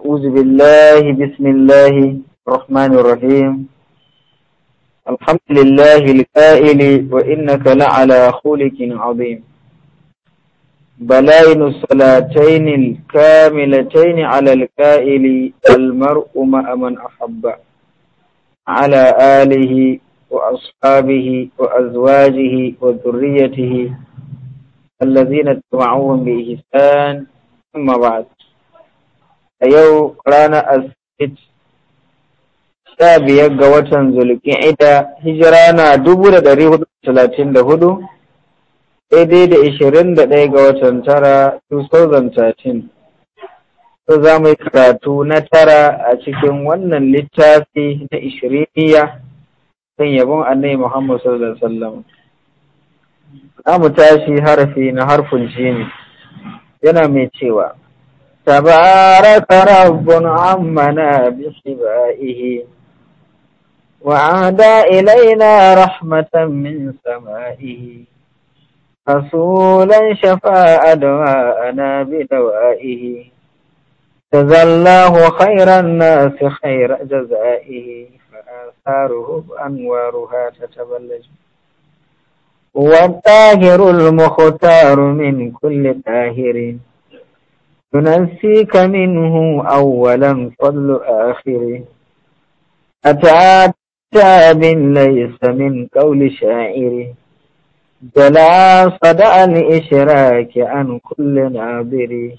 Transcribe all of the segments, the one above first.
أعوذ بالله بسم الله الرحمن الرحيم الحمد لله الكائل وإنك لعلى خلق عظيم بلاين الصلاتين الكاملتين على الكائل المرء ما من أحب على آله وأصحابه وأزواجه وذريته الذين اتبعوهم بإحسان أما بعد a yau rana asibit sha biyar ga watan zulkin ita hijira na dubu da dari hudu talatin da hudu daidai da ishirin da ɗaya ga watan tara 2013 so za mu yi karatu na tara a cikin wannan littafi na ishiriniya kan yabon annai muhammad sallallahu alaihi wasallam za mu tashi harafi na harfin jini yana mai cewa تبارك رب عمنا بصبائه وعاد إلينا رحمة من سمائه رسولا شفى أدواءنا بدوائه جزى الله خير الناس خير جزائه فآثاره أنوارها تتبلج والطاهر المختار من كل طاهر ننسيك منه أولا قبل آخره أتى كتاب ليس من قول شاعر جلا صدأ الإشراك عن كل عابر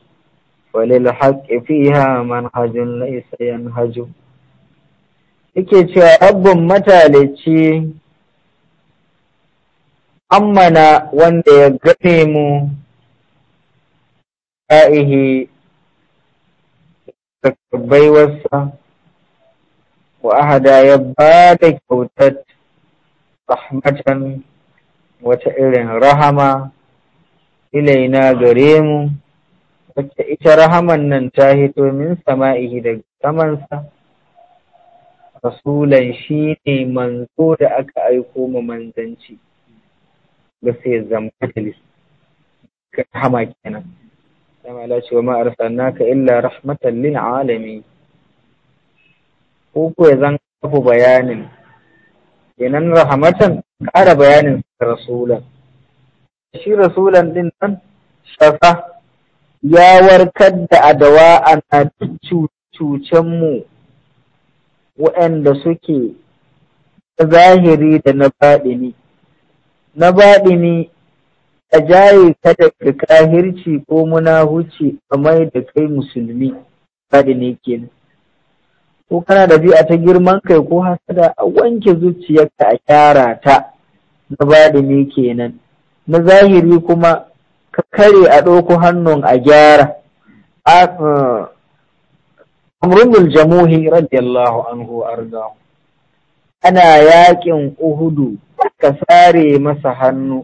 وللحق فيها منهج ليس ينهج yake cewa rabbin matalici ammana wanda ya gane mu sa'ihi da baiwarsa wa ahada ya ba da kyautar rahmatan wata irin rahama ilaina gare mu ita rahaman nan ta hito min sama'ihi daga samansa rasulan shi ne manzo da aka aiko ma manzanci ga sai kenan dama la ce wa ma arsalnaka illa rahmatan lil ya zan kafu bayanin kenan rahmatan ƙara bayanin rasulan shi rasulan ɗin nan shafa ya warkar da adawa a na cucenmu waɗanda suke zahiri da na baɗini na baɗini ka jaye ka daga kahirci ko munahuci a mai da kai musulmi Ba da ne kenan ko kana da bi'a ta girman kai ko hasada a wanke zuciyarka a kyara ta na da ne kenan na zahiri kuma ka kare a ɗauko hannun a gyara amrunul jamuhi radiyallahu anhu arzahu ana yaƙin uhudu ka sare masa hannu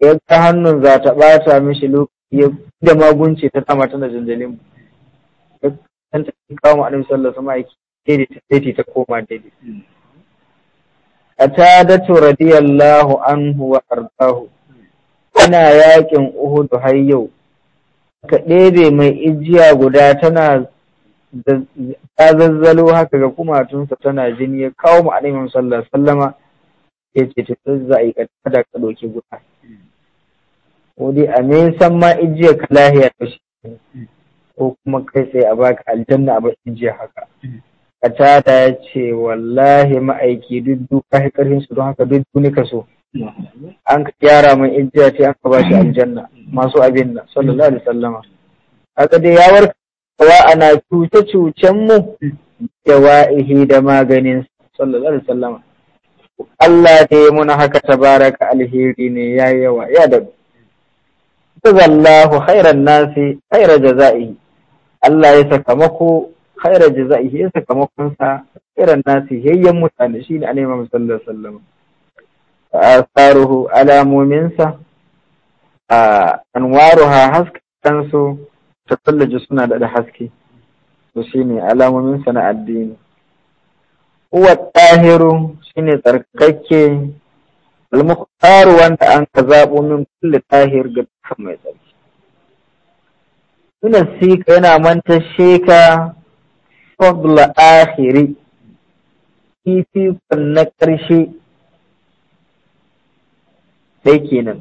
ya ta hannun za ta ɓata mishi lokaci da magunci ta sama tana janjalin ya kanta cikin kawo annabi sallallahu alaihi wasallam ta daidai ta koma daidai atadatu radiyallahu anhu wa ardahu ana yakin uhudu har yau ka ɗebe mai ijiya guda tana ta zazzalo haka ga kumatunsa tana jini ya kawo mu alaihi sallallahu alaihi wasallama ya ce ta zai a yi kada ka ɗauki guda ko dai a nisan ma ijiya ka lahiya ko kuma kai sai a baka aljanna a bakin jiya haka tata ya ce wallahi ma'aiki duk duk ya karfin su don haka duk duk ka so an ka gyara mai ijiya ce aka ba shi aljanna masu abin nan sallallahu alaihi sallama haka dai ya warka wa ana cuce cucen mu da wa'ihi da maganin sallallahu alaihi sallama Allah ta yi muna haka tabaraka alheri ne ya yawa ya dabu jazallahu khairan nasi khaira jaza'i Allah ya sakamako khaira jaza'i ya sakamakon sa khairan nasi yayyan mutane shine annabi Muhammad sallallahu alaihi wasallam asaruhu alamomin sa anwaruha haskan su ta tallaje suna da haske to shine alamomin sa na addini huwa tahiru shine tsarkake al wanda an ka zabo min kulli tahir ga dukkan mai tsarki Ina sika yana mantar sheka fadla akhiri fifikon na ƙarshe ɗai kenan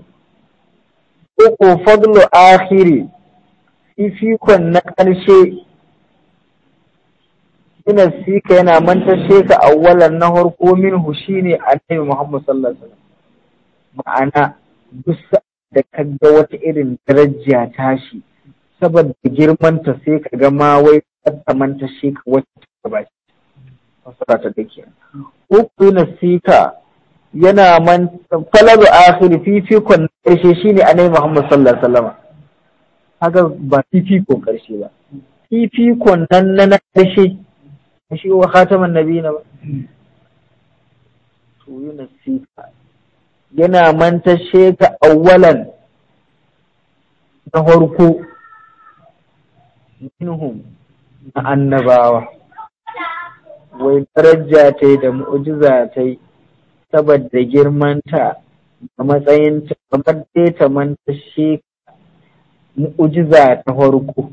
uku fadlu akhiri fifikon na ƙarshe ina sika yana manta sheka awwalan na harko minhu a annabi Muhammadu sallallahu alaihi wasallam ma'ana duk da kaga wata irin darajiya tashi saboda girmanta sai ka ga ma wai tsamanta shi ka wata gaba fasara ta dake uku sika yana man falalu akhir fifikon karshe ne anai Muhammad sallallahu alaihi wasallam haka ba fifikon karshe ba fifikon nan na karshe shi wa khataman nabiyina ba to sika yana mantashe ka awwalan na farko minhum na annabawa wai daraja ta da mu'jiza ta saboda girmanta da matsayin ta kamar dai ta mantashe mu'jiza ta farko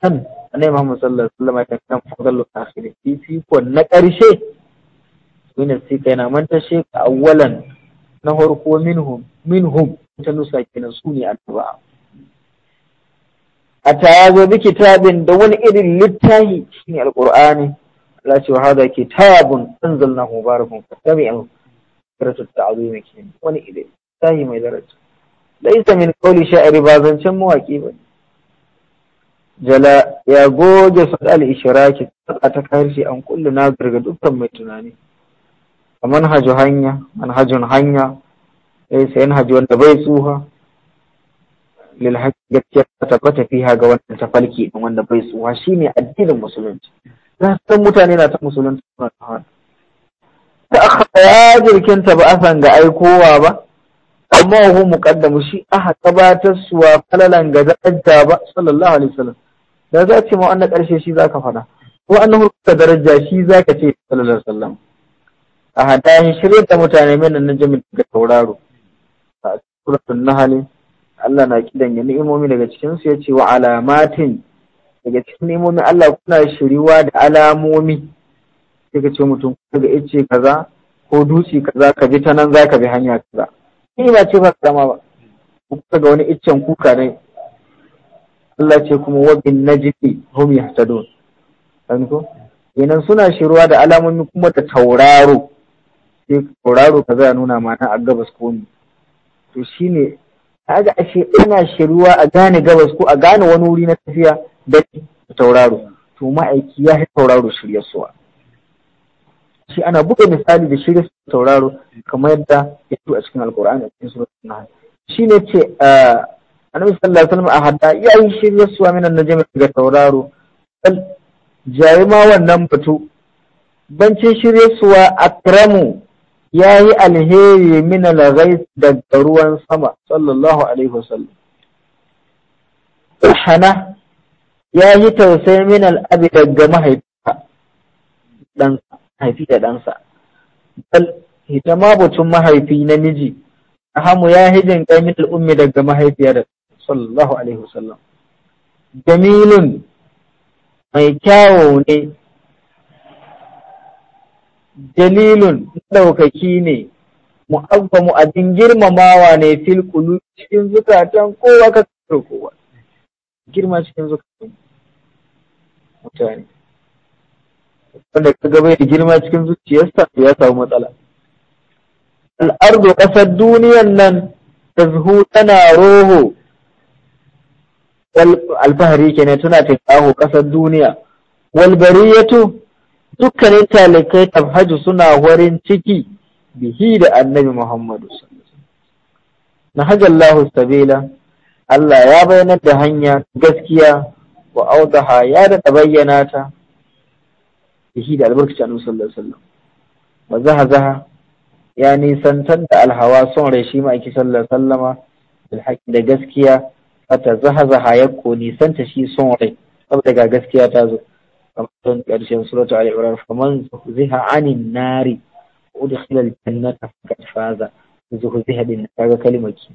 kan annabi Muhammad sallallahu alaihi wasallam kan fadlul akhirati fi na ƙarshe min sika yana manta shi awwalan na harko minhum minhum ta nusa kenan su ne addu'a a ta zo bi kitabin da wani irin littafi shine alqur'ani Allah ce wa hada kitabun anzalnahu mubarakun fattabi'u karatu ta'zim kenan wani irin littafi mai daraja laisa min kauli sha'iri ba zancen mawaki ba jala ya goge sadal ishraki a ta karshe an kullu na ga dukkan mai tunani manhajun hanya manhajun hanya eh, sai sai manhaji wanda bai tsuha lil gaskiya ta tabbata fiha ga ta falki din wanda bai tsuha shine addinin musulunci za san mutane na ta musulunci ta akhara ya ta ba asan ga aikowa ba amma hu muqaddamu shi aka gabatar suwa falalan ga daraja ba sallallahu alaihi wasallam da za ce ma wannan karshe shi zaka fada ko annahu ka daraja shi zaka ce sallallahu alaihi wasallam a hada ya shirya da mutane min na jami da tauraro a na hali. Allah na kidan ya ni'imomi daga cikin su yace wa alamatin daga cikin ni'imomi Allah kuna shiriwa da alamomi sai ka ce mutum daga ice kaza ko dutse kaza ka bi ta nan za ka bi hanya kaza ni ba ce ba karama ba kuka ga wani iccen kuka ne Allah ce kuma wa bin najdi hum yahtadun an ko suna shiruwa da alamomi kuma da tauraro sai kuraro ka za nuna mana a gabas ko ni to shine kaga ashe ina shiruwa a gane gabas ko a gane wani wuri na tafiya da tauraro to ma'aiki ya fi tauraro shirya suwa shi ana buga misali da shirya tauraro kamar yadda ya a cikin alkur'ani a cikin na shi ne ce annabi sallallahu alaihi wasallam a hadda ya yi shirya suwa minan najmi daga tauraro jayi ma wannan batu bancin shirya suwa akramu ya yi alheri min al-ghais daga ruwan sama sallallahu alaihi wasallam hana ya yi tausayi min al-abi daga mahaifa dan haifi da ɗansa bal ita ma butun mahaifi namiji ahamu ya hijin min al-ummi daga mahaifiyar sallallahu alaihi wasallam jamilun mai kyawo ne jalilun ɗaukaki ne mu abin girmamawa ne fil kulu cikin zukatan kowa ka karo kowa girma cikin zukatan mutane wanda ka gaba da girma cikin zuciyarsa ya samu matsala al'ardu ƙasar duniyan nan ta zuhu tana roho alfahari ne tana tinkaho ƙasar duniya walbariyatu dukkanin talikai tabhaju suna warin ciki bihi da annabi Muhammadu na hajallahu sabila Allah ya bayyanar da hanya gaskiya wa audaha ya da bayyana ta bihi da albarkaci annabi sallallahu alaihi wasallam wa zaha zaha ya nisantar da alhawa son rai shi ma'aiki sallallahu alaihi wasallama da gaskiya fata zaha zaha ya ko nisanta shi son rai saboda ga gaskiya ta zo kamar ƙarshen suratu Ali imran faman zuhziha anin nari udkhila al-jannata faqad faza zuhziha din kaga kalimar ki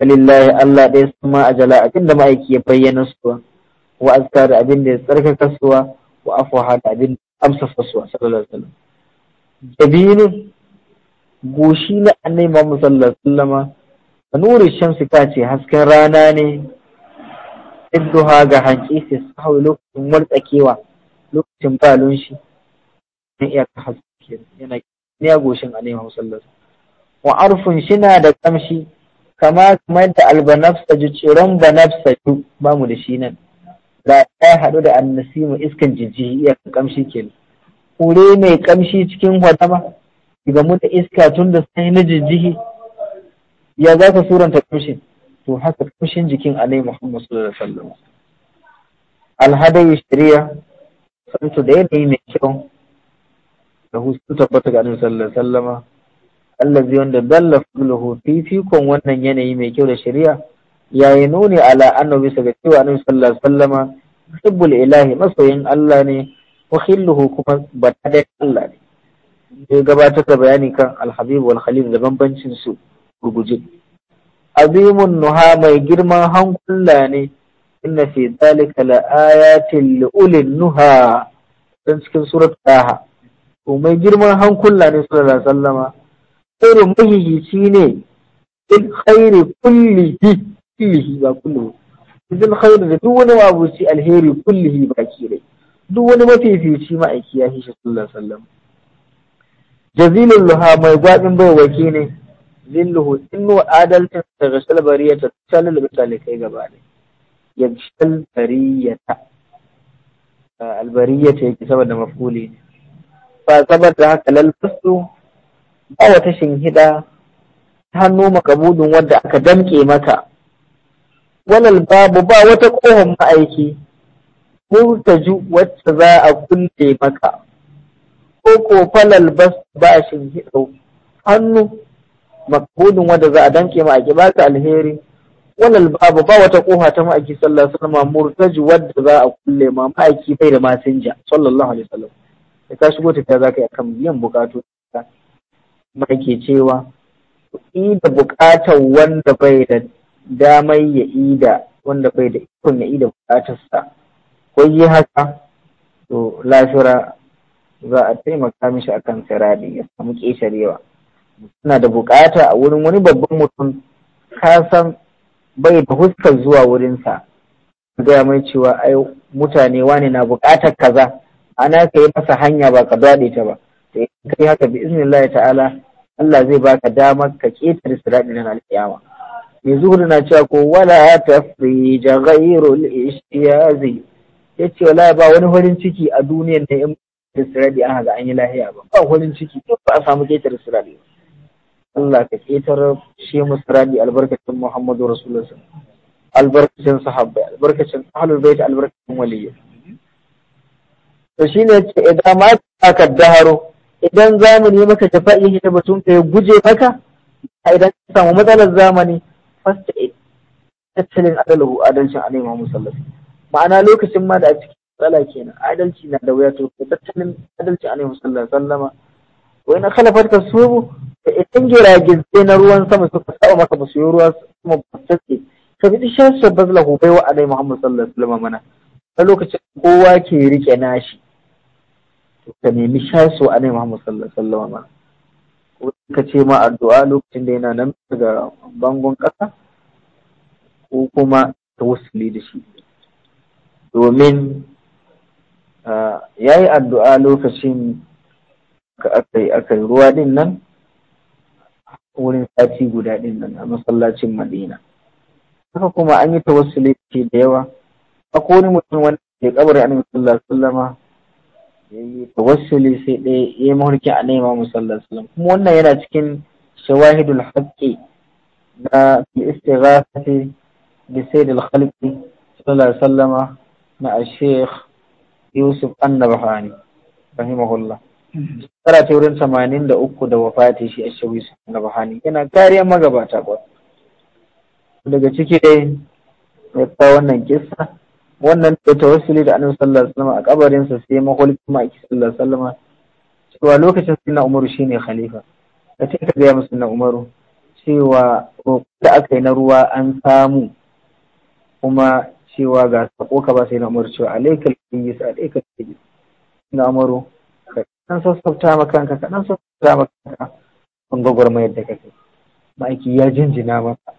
lillahi Allah ɗaya sun ma ajala abinda ma'aiki ya bayyana su, wa azka da abin da ya tsarkaka suwa wa afwaha da abin da amsa suwa sallallahu alaihi wasallam jabinin goshi na annabi Muhammad sallallahu alaihi wasallama nuri shamsi ka ce hasken rana ne idduha ga hanci su sahu lokacin wartsakewa lokacin balon shi ne iya ta haske yana ne goshin alaihi wasallam wa arfun shina da kamshi kama kuma da albanafsa ji tsiron banafsa ju ba mu da shi nan da ya haɗu da annasimu iskan jiji iya kamshi kenan hure mai kamshi cikin hwadama ga mu da iska tun da sai na jijjihi ya za ka suranta kamshin to haka fushin jikin anai Muhammad sallallahu alaihi wasallam alhadai shari'a santu da yanayi mai kyau da husu tabbata ga annabi sallallahu alaihi wasallama allazi wanda dalla fuluhu fifikon wannan yanayi mai kyau da shari'a yayi nuni ala annabi bisa ga cewa annabi sallallahu alaihi wasallama hibbul ilahi masoyin Allah ne wa khilluhu kuma da Allah ne sai gabatar da bayani kan Alhabibu wal da bambancin su gurguje azimun nuha mai girman hankula ne inna fi zalika la ayatin li'ulin nuha don cikin surat taha to mai girman hankula ne sallallahu alaihi wasallama irin mahihici ne in khairi kullihi kullihi ba kullihi idan khairu da duk wani mabuci alheri kullihi baki dai duk wani mafifici ma'aiki ya shi sallallahu alaihi wasallam jazilul luha mai gwadin baiwaki ne zilluhu innu adalcin ta gashal bariyata ta lullube talikai gaba ne ya gashal ya albariyata yake saboda mafuli ne fa saboda haka lalfasu ba wa wata shinhida ta hannu makabudin wadda aka damke mata walal babu ba wata kohon ma'aiki murtaju wacce za a kulle maka ko ko falal bas ba shinhida hannu maqbulun wanda za a danke ma ki baka alheri wannan babu ba wata kofa ta ma'aiki sallallahu alaihi wasallam murtaji wadda za a kulle ma ma'aiki bai da masinja sallallahu alaihi wasallam da ka shigo ta za ka yi akan biyan bukatu ke cewa ida bukatar wanda bai da damai ya ida wanda bai da ikon ya ida bukatarsa ko yi haka to lafira za a taimaka mishi akan sirari ya samu ƙesharewa suna da bukata a wurin wani babban mutum ka san bai da huskar zuwa wurinsa gaya mai cewa ai mutane wani na bukatar kaza ana ka yi masa hanya ba ka daɗe ta ba to yi kai haka bi iznillah ta'ala Allah zai baka damar ka ketare daɗe na alƙiyama mai zuhuri na cewa ko wala tafrija ghayru al ya ce wala ba wani farin ciki a duniyar da in da sirati an haga an yi lahiya ba ba farin ciki ba a samu ketare ba. Allah ka ƙetar shi musradi albarkacin Muhammadu Rasulullah albarkacin sahabbai albarkacin ahlul bait albarkacin waliyyi to shine ce idan ma ka daharo idan zamani maka tafa'i da batun ka ya guje maka idan ka samu matsalar zamani fasta tattalin adalahu adalcin annabi Muhammad ma'ana lokacin ma da a cikin matsala kenan adalci na da wuya to tattalin adalci annabi sallallahu alaihi wasallama wa in da idan jiragen sai na ruwan sama suka saba maka ba su yi ruwa kuma ba su ka fi bi shan shabbaz lahu bai wa alai muhammad sallallahu alaihi wasallam mana a lokacin kowa ke rike nashi to ka nemi shasu alai muhammad sallallahu alaihi wasallam mana ko ka ce ma addu'a lokacin da yana nan daga bangon ƙasa ko kuma ta wasuli da shi domin ah, ya yi addu'a lokacin ka aka yi ruwa din nan wurin sati guda ɗin nan a masallacin madina haka kuma an yi tawassuli ce da yawa A wani mutum wanda ke kabarin annabi sallallahu alaihi ya yi tawassuli sai ɗaya ya yi mahurkin annabi ma sallallahu kuma wannan yana cikin shawahidul haqqi na istighafati bi sayyidil khalqi sallallahu alaihi wasallama na al-sheikh yusuf annabahani rahimahullah shekara ta wurin tamanin da uku da wafati shi a shawi na bahani yana kariyar magabata ba daga ciki dai ya fa wannan kisa. wannan da tawassuli da annabi sallallahu alaihi wasallam a kabarin sa sai mahulki kuma a sallallahu alaihi wasallam cewa lokacin sunna umaru shine khalifa ka ce ka gaya musu na umaru cewa da aka yi na ruwa an samu kuma cewa ga sako ka ba sai na umaru cewa alaikal kiyis alaikal kiyis na umaru dan sassauta ma kanka ka dan sassauta ma kanka kun gwagwarmayar da kake ma'aiki ya jinjina masa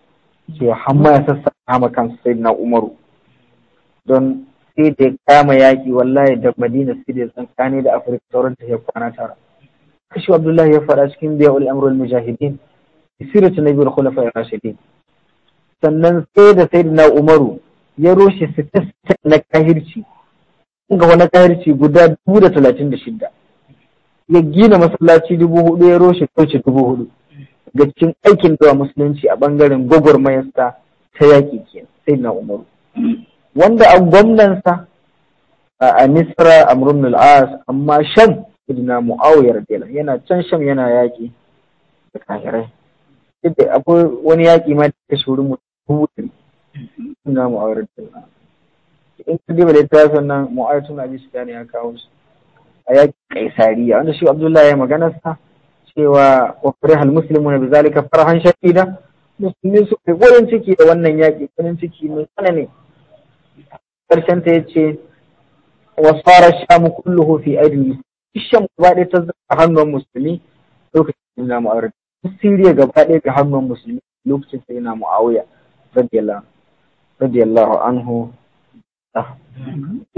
cewa hamma ya sassauta ma kansa sai na umaru don sai da ya kama yaƙi wallahi da madina sai da ya tsankani da afirka sauran ta ya kwana tara kashi abdullahi ya faɗa cikin biya ul amrul mujahidin sirat nabi al khulafa rashidin sannan sai da sayyidina umaru ya roshe sita na kahirci ga wani kahirci guda dubu da talatin da shida ya gina masallaci dubu hudu ya roshe coci dubu hudu ga cikin aikin da musulunci a bangaren gwagwarmayarsa ta yaƙi ke sai na umaru wanda a gwamnansa a a amrun al'as amma shan idina mu'awiyar dela yana can shan yana yaƙi da kahirai yadda akwai wani yaƙi ma da kashe wurin mutum idina mu'awiyar dela in ka diba da ta sannan mu'awiyar tun abin su ya kawo su a yaƙi kaisariya wanda shi abdullahi ya sa cewa wa Musulmi na bi zalika farhan shadida musulmi su kai wurin ciki da wannan yaƙi wurin ciki mai tsanani karshen ta yace wa sara shamu kulluhu fi aidil sham gaba ɗaya ta zama hannun musulmi lokacin mu aure. siriya gaba ɗaya ga hannun musulmi lokacin sai na mu'awiya radiyallahu anhu Ah.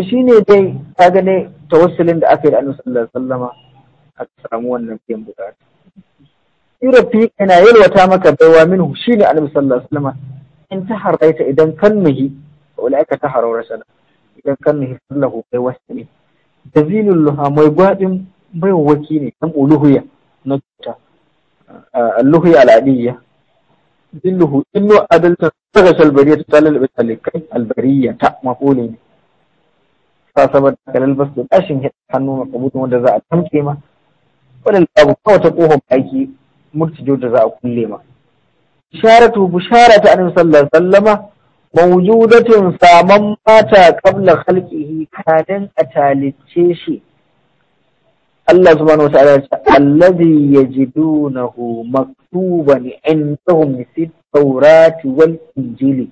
shi ne dai ta gane tawassulin da aka yi da annabi sallallahu alaihi wasallama aka samu wannan biyan bukata yurafi yana yalwata maka baiwa min shi ne annabi sallallahu alaihi wasallama in ta haraita idan kan mihi wala aka ta harawar sana idan kan mihi sallahu bai wasu ne dazilul luha mai gwaɗin bai waki ne dan uluhuya na cuta ah, alluhiya al'adiyya ذله إنه أدلت تغش البرية تتعلل بالتلك البرية مقولين فأصبت كلال بس الأشن حنو مقبوط ودزاء تمكيمة ولل أبو وتقوهم أيكي مرتجو جزاء كلمة بشارة بشارة أن صلى الله عليه وسلم موجودة سامم مات قبل خلقه كان أتالتشيشي Allah subhanahu wataala ya ce allazi yajidunahu maktuban indahum fi tawrati wal injili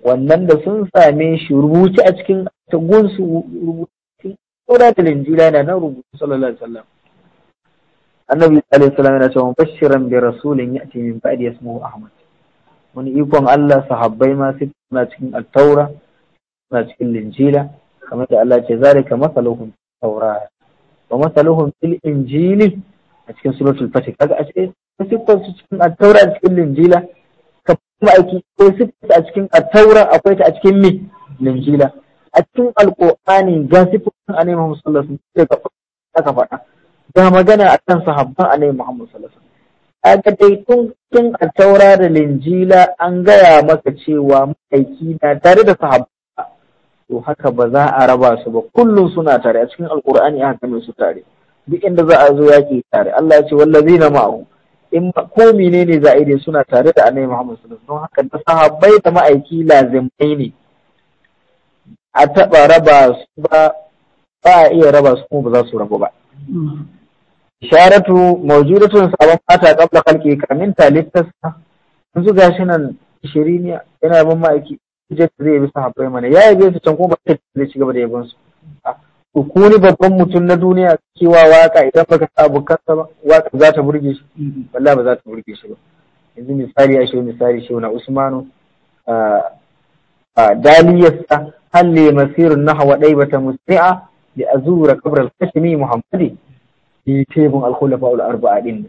wannan da sun same shi rubuce a cikin tagun su rubuce tawratul injila yana nan rubuce sallallahu alaihi wasallam annabi alaihi salam yana cewa bashiran bi rasulin ya'ti min ba'di ismuhu ahmad wani ikon Allah sahabbai ma sai suna cikin at-taura suna cikin linjila kamar da Allah ce zalika masaluhum tawrat wa masaluhum fil injili a cikin suratul fatih kaga a cikin siffar cikin at-taura a cikin linjila ka kuma aiki ko siffar a cikin at akwai ta a cikin mi linjila a cikin alqur'ani ga siffar Muhammad sallallahu alaihi wasallam faɗa ga magana akan sahabban annabi dai tun tun taura da linjila an gaya maka cewa aiki na tare da sahabban to haka ba za a raba su ba kullum suna tare a cikin alkur'ani haka ne su tare duk inda za a zo yaki tare Allah ya ce na mau in ko menene za a yi suna tare da annabi Muhammad sallallahu alaihi wasallam don haka da sahabbai da ma'aiki lazimai ne a taɓa raba su ba ba a iya raba su kuma ba za su rabu ba isharatu mawjudatun sabon fata qabla khalqi kamin talittasa yanzu gashi nan shiriniya yana ban ma'aiki je zai yabi sahabbai mana ya yabe su can kuma ba zai ci gaba da yabon su ah, to ko ni babban mutum na duniya cewa waka idan baka sa abokansa ba waka za ta burge shi wallahi ba za ta burge shi ba yanzu misali ya shehu misali shehu na usmanu ah, ah, daliyarsa halle masirun na hawa ɗai bata musai'a da azura kabrar kashimi muhammadi fi tebun alkhulafa ul arba'a din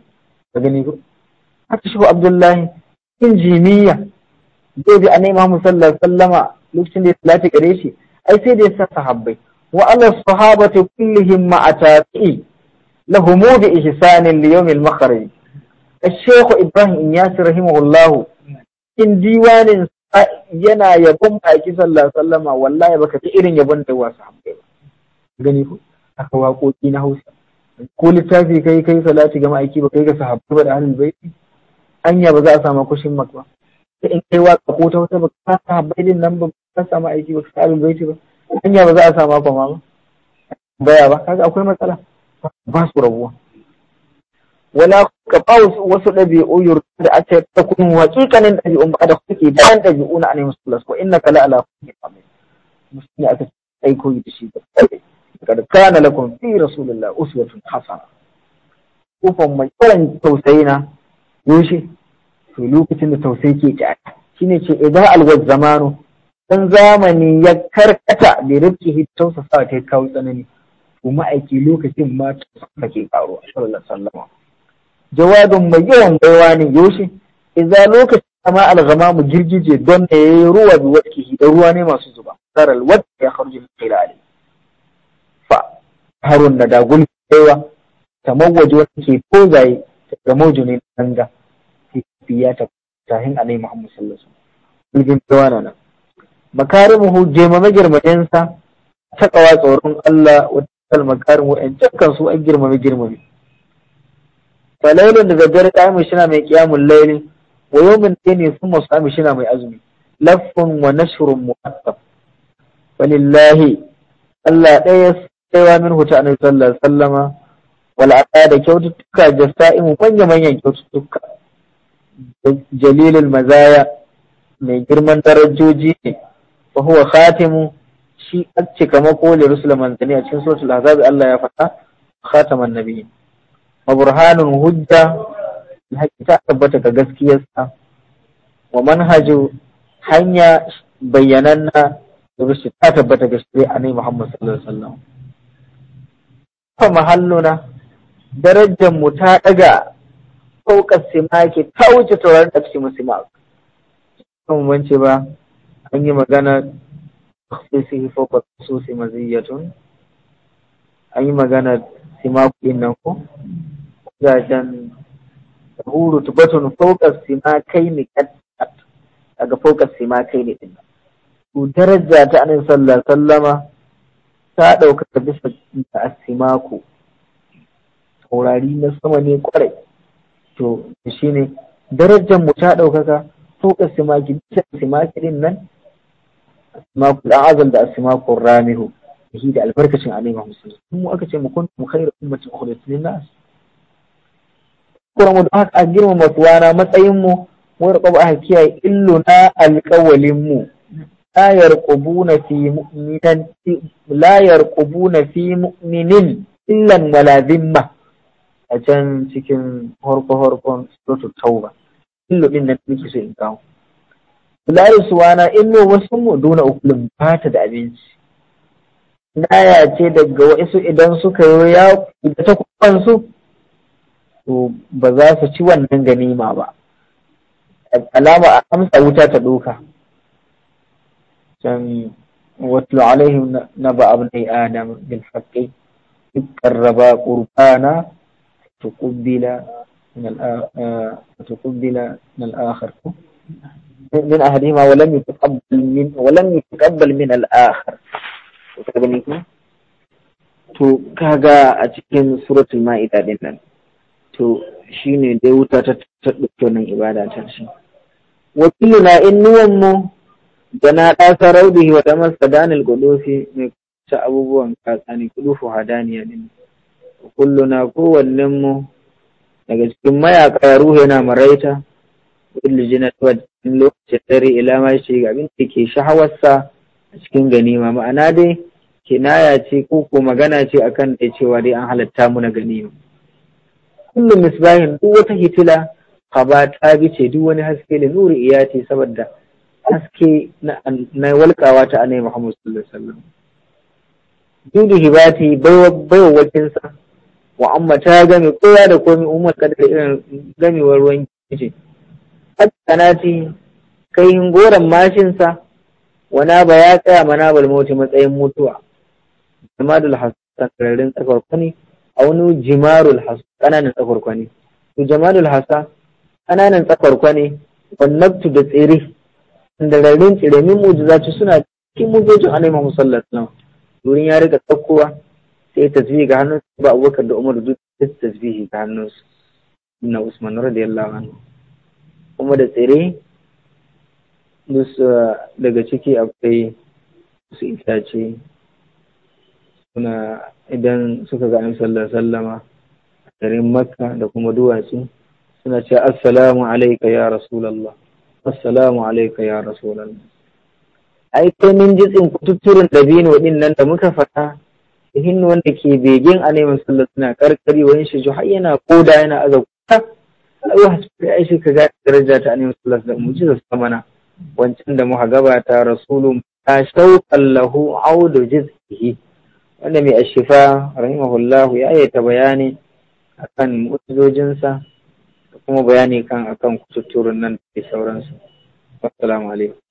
ka gani ko haka shehu abdullahi injiniya zai bi annabi Muhammad sallallahu alaihi wasallama lokacin da ya salati gare shi ai sai da ya sa sahabbai wa ala sahabati kullihim ma atati lahumu bi ihsanin li yawmil makhraj Sheikh Ibrahim Inyas rahimahullahu in diwanin yana yabon baki sallallahu alaihi wasallama wallahi baka ta irin yabon da wa sahabbai ba gani ko aka waƙoƙi na Hausa ko littafi kai kai salati ga ma'aiki ba kai ga sahabbai ba da hannun bai? anya ba za a samu kushin mak ba da in kai waka ko ta wata ba ka samu nan ba ka samu aiki ba ka samu baiti ba hanya ba za a samu ba ma ba baya ba kaga akwai matsala ba su rabuwa wala ka ba wasu ɗabi'u yurda da ake ta kun haƙiƙanin ɗabi'un ba da kuke bayan ɗabi'u na annabi sallallahu alaihi wasallam innaka la ala kulli amin musulmi aka aiko yi da shi da kad kana lakum fi rasulillahi uswatun hasana kufan mai tausayi na yushe to lokacin da tausayi ke ci ne ce idan alwaz zamanu dan zamani ya karkata da rifki tausasawa ta kawo tsanani kuma aiki lokacin ma ta ke karuwa sallallahu sallama jawabin mai yawan baiwa ne yaushe idza lokacin kama algama mu girgije don da yayi ruwa bi wadki da ruwa ne masu zuba saral wad ya kharju min khilali fa harun da dagul baiwa tamawwaje wanda ke zai da na danga ya tahin alai Muhammad sallallahu alaihi wasallam cikin jawana nan makarimuhu jemame girmajensa takawa tsoron Allah wa tal makarimu in cakkan su an girmame girmame falailun da daddare kayan shina mai kiyamun laili wa yawmin dini sun masu shina mai azumi laffun wa nashrun mu'attab walillahi Allah ɗaya saiwa min huta annabi sallallahu alaihi wasallama wal'ada da kyaututtuka jasa'imu manya manyan kyaututtuka jalilul mazaya mai girman darajoji ne fa huwa khatimu shi a cika makoli rusul manzani a cikin suratul ahzab Allah ya faɗa khataman nabiyyin wa hujja hujja ta tabbata ga gaskiyarsa wa manhaju hanya bayyananna da ta tabbata ga shari'a ne Muhammad sallallahu alaihi wasallam fa mahalluna darajar mu ta daga fauka simaki ta wuce tauraron da cikin musulma kan wance ba an yi magana sisi fauka susi maziyatun an yi magana simaku din nan ko gajen huru tubatun fauka simakai ne kaddat daga fauka simakai ne ɗin. Ku daraja ta anan sallah, sallama ta da bisa ga asimaku taurari na sama ne kwarai to shine darajar mu ta ɗaukaka ka simaki bisa simaki din nan asimakul azam da asimakul ramihu shi da albarkacin annabi Muhammad mu aka ce mu mu khairu ummati ukhrijat lin nas kuma mu haka girma matuwana matsayin mu mu rqaba a kiyaye illuna alqawlin mu la yarqubuna fi mu'minin la yarqubuna fi mu'minin illan wala dhimma a can cikin horko-horkon suratul tauba illu ɗin na nake so in kawo Fulani suwana illo wasu mu dona ukulun bata da abinci. Naya ce daga wa'isu idan suka yi ya da ta kwansu to ba za su ci wannan ganima ba. Alama a amsa wuta ta doka. Can watlu alaihim na ba abu da adam bil haƙƙi. Dukkan raba ƙurfana تقبل من الآخر تقبل من الآخر من أحدهما ولم يتقبل من ولم يتقبل من الآخر to kaga a cikin suratul ma'ida din nan to shine dai wuta ta ɗauke nan ibada ta shi. wakilina in nuwan mu da na ɗasa raudihi wa damar sadanil gudufi mai kusa abubuwan katsani kudufu hadaniya din kulluna mu daga cikin mayaka ya ruhu yana maraita kullu tuwa cikin lokacin dare ila ma shi ga abin da ke shahawarsa a cikin ganima ma'ana dai kinaya ce ko ko magana ce akan da cewa dai an halatta mu na ganima kullu misbahin duk wata hitila kaba ta ce duk wani haske da nuri iya saboda haske na walkawa ta annabi Muhammad sallallahu alaihi wasallam dudu hibati baiwa wakinsa wa amma ta gami kowa da komi umar kada da irin ganewar ruwan kici haka na ci kayin goron mashinsa wana ba ya tsaya mana balmoti matsayin mutuwa jamadul hasan kararin tsakar kwani a wani jimarul hasan kananan tsakar kwani to jamadul hasan kananan tsakar kwani wannabtu da tsere da rarin tsiremin mujizaci suna cikin mujizocin alaihi sallallahu alaihi wasallam durin ya rika tsakkowa sai tasbihi ga hannunsu ba abubakar da umar duk sai tasbihi ga hannunsu na usman radiyallahu anhu kuma da tsire daga ciki akwai su itace suna idan suka ga an sallar sallama a garin makka da kuma duwatsu suna ce assalamu alaika ya rasulallah assalamu alaika ya rasulallah ai kai min jitsin kututturin dabino din nan da muka faɗa hinnu wanda ke begen a neman sallah suna karkari wani shi har yana koda yana aza kuta ayu hasbi ai shi kaga daraja ta neman sallah da mu'jiza mana wancan da muka gabata rasulun ta shauqan lahu audu jizhihi wanda mai ashifa rahimahullahu ya ta bayani akan mutujojinsa, da kuma bayani kan akan kututturun nan da sauransu assalamu alaikum